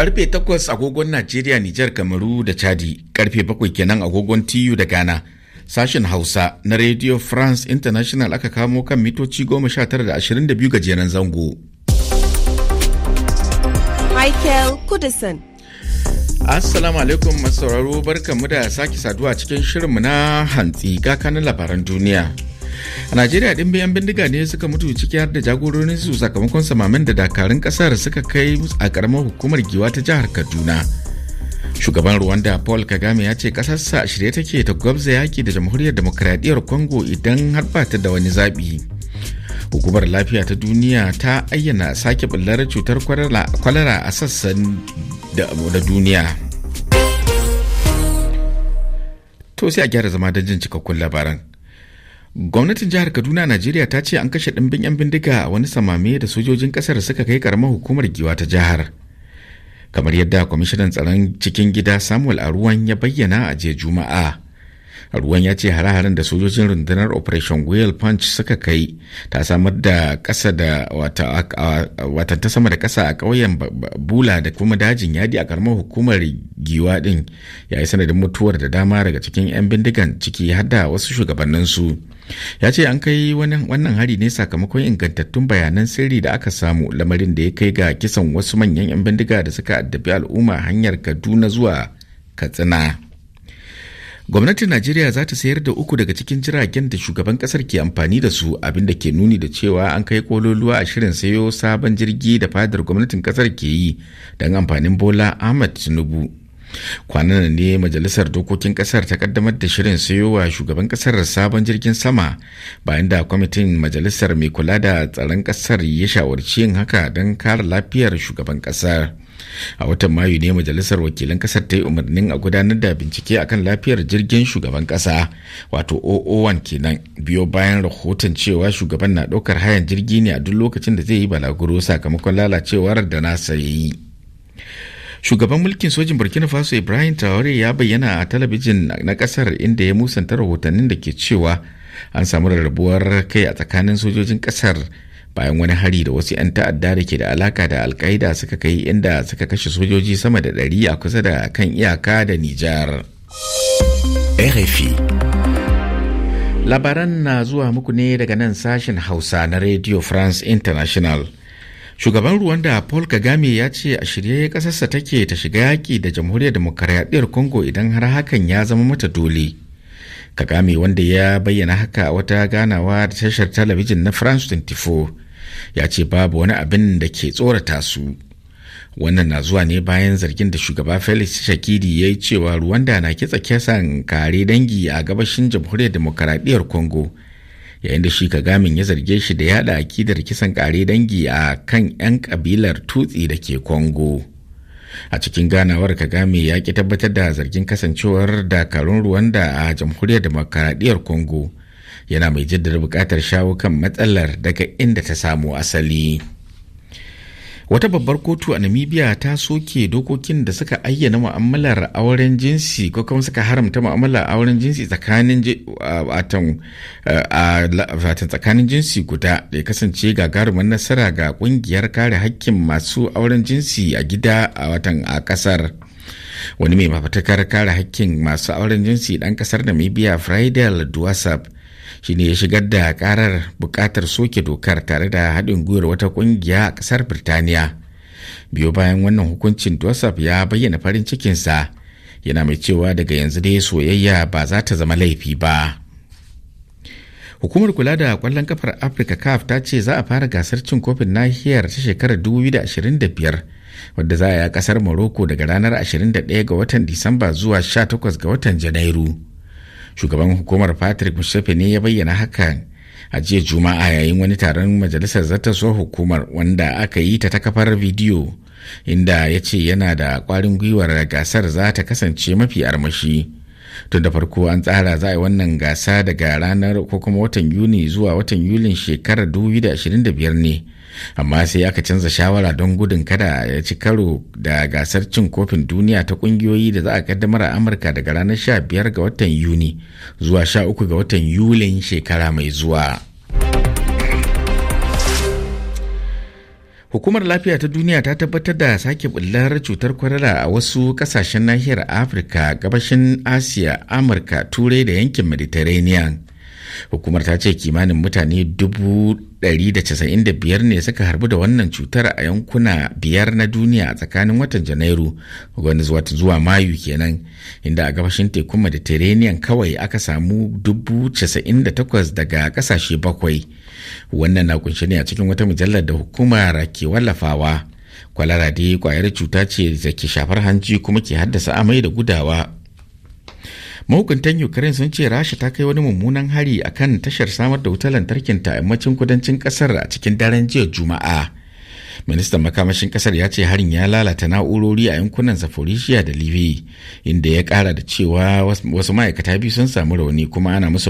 Karfe takwas agogon Najeriya, Nijar, Kamaru da Chadi, karfe bakwai kenan agogon TU da Ghana. Sashen Hausa na Radio France International aka kamo kan mitoci goma sha tara da ashirin da biyu gajeren zango. Michael Kudison. Assalamu alaikum masu sauraro barkanmu da sake saduwa cikin shirinmu na hantsi ga kanin labaran duniya. a najeriya ɗin biyan bindiga ne suka mutu ciki har da jagororin su sakamakon samamin da dakarun kasar suka kai a karamar hukumar giwa ta jihar kaduna shugaban rwanda paul kagame ya ce kasarsa a shirye take ta gwabza yaki da jamhuriyar demokradiyyar congo idan har ba ta da wani zaɓi hukumar lafiya ta duniya ta ayyana sake bullar cutar kwalara a sassan da duniya To sai a gyara zama don jin cikakkun labaran. Gwamnatin jihar Kaduna Najeriya ta ce an kashe ɗimbin 'yan bindiga a wani samame da sojojin ƙasar suka kai ƙaramar hukumar giwa ta jihar. Kamar yadda kwamishinan tsaron cikin gida Samuel Aruwan ya bayyana a jiya Juma'a. Aruwan ya ce hare-haren da sojojin rundunar Operation Whale Punch suka kai ta samar da ƙasa da wata ta sama da kasa a ƙauyen Bula da kuma dajin yadi a ƙaramar hukumar giwa ɗin yayi yi sanadin mutuwar da dama daga cikin 'yan bindigan ciki har da wasu shugabanninsu. ya ce an kai wannan hari ne sakamakon ingantattun bayanan sirri da aka samu lamarin da ya kai ga kisan wasu manyan 'yan bindiga da suka addabi al'umma hanyar kaduna zuwa katsina gwamnatin najeriya za ta sayar da uku daga cikin jiragen da shugaban kasar ke amfani da su abin da ke nuni da cewa an kai kololuwa a shirin sayo sabon jirgi da fadar gwamnatin kasar ke yi don amfanin bola ahmad tinubu kwanan ne majalisar dokokin kasar ta kaddamar da shirin sayo wa shugaban kasar sabon jirgin sama bayan da kwamitin majalisar mai kula da tsaron kasar ya shawarci yin haka don kare lafiyar shugaban kasar a watan mayu ne majalisar wakilan kasar ta yi umarnin a gudanar da bincike akan lafiyar jirgin shugaban kasa wato 001 kenan biyo bayan rahoton cewa shugaban na ɗaukar hayan jirgi ne a duk lokacin da zai yi balaguro sakamakon lalacewar da nasa ya yi shugaban mulkin sojin burkina faso ibrahim traore ya bayyana a talabijin na kasar inda ya musanta rahotannin da ke cewa an samu rarrabuwar kai a tsakanin sojojin kasar bayan wani hari da wasu 'yan ta'adda da ke da alaka da alkaida suka kai inda suka kashe sojoji sama da ɗari a kusa da kan iyaka da nijar rfi labaran na zuwa muku ne daga nan sashen hausa na radio france international shugaban ruwanda paul kagame ya ce a shirye kasarsa take ta shiga yaƙi da jamhuriyar demokaradiyyar congo idan har hakan ya zama mata dole kagame wanda ya bayyana haka a wata ganawa da tashar talabijin na france 24 ya ce babu wani abin da ke tsorata su wannan na zuwa ne bayan zargin da shugaba felix shakidi ya yi cewa ruwanda na kitsa kesan kare dangi a gabashin jamhuriyar demokaradiyyar congo yayin da shi kagamin ya zarge shi da yada akidar kisan kare dangi a kan 'yan kabilar tutsi da ke congo a cikin ganawar kagame ya ki tabbatar da zargin kasancewar dakarun ruwanda a jamhuriyar demokaradiyyar congo yana mai jaddada bukatar shawo kan matsalar daga inda ta samu asali. wata babbar kotu a namibia ta soke dokokin da suka ayyana mu'amalar auren jinsi ko kuma suka haramta mu'amalar auren jinsi tsakanin jinsi guda da ya kasance gagarumin nasara ga kungiyar kare hakkin masu auren jinsi a gida a watan a kasar wani mai mafatakar kare hakkin masu auren jinsi dan kasar namibia friday duwasab shine ya shigar da karar bukatar soke dokar tare da haɗin gwiwar wata ƙungiya a ƙasar birtaniya biyo bayan wannan hukuncin dosaf ya bayyana farin cikinsa yana mai cewa daga yanzu dai soyayya ba za ta zama laifi ba hukumar kula da kwallon kafar afirka caf ta ce za a fara gasar cin kofin nahiyar ta shekarar 2025 wadda za a yi a kasar morocco daga ranar 21 ga watan disamba zuwa 18 ga watan janairu shugaban hukumar patrick ne ya bayyana haka a jiya juma'a yayin wani taron majalisar so hukumar wanda aka yi ta ta kafar bidiyo inda ya ce yana da kwarin gwiwar gasar za ta kasance mafi armashi tun da farko an tsara za a yi wannan gasa daga ranar ko kuma watan yuni zuwa watan yulin shekarar 2025 ne amma sai aka canza shawara don gudun kada ya ci karo da gasar cin kofin duniya ta kungiyoyi da za a kaddamar a amurka daga ranar 15 ga watan yuni zuwa 13 ga watan yulin shekara mai zuwa Hukumar Lafiya ta Duniya ta tabbatar da sake bullar cutar kwarara a wasu kasashen nahiyar Afirka, gabashin Asiya, Amurka, Turai da yankin Mediterranean. hukumar ta ce kimanin mutane dubu 195 ne suka harbu da wannan cutar a yankuna biyar na duniya a tsakanin watan janairu wani zuwa mayu kenan inda a gabashin tekun mediterranean kawai aka samu 98 daga kasashe bakwai wannan na kunshi ne a cikin wata mujallar da hukumar ke wallafawa kwalara dai kwayar cuta ce da ke shafar hanci kuma ke haddasa amai da gudawa mahukuntan ukraine sun ce rasha ta kai wani mummunan hari a kan tashar samar da wutar lantarkin ta yammacin kudancin kasar a cikin daren jiya juma'a ministan makamashin kasar ya ce harin ya lalata na'urori a yankunan zaporishiya da livi inda ya kara da cewa wasu ma'aikata biyu sun samu rauni kuma ana musu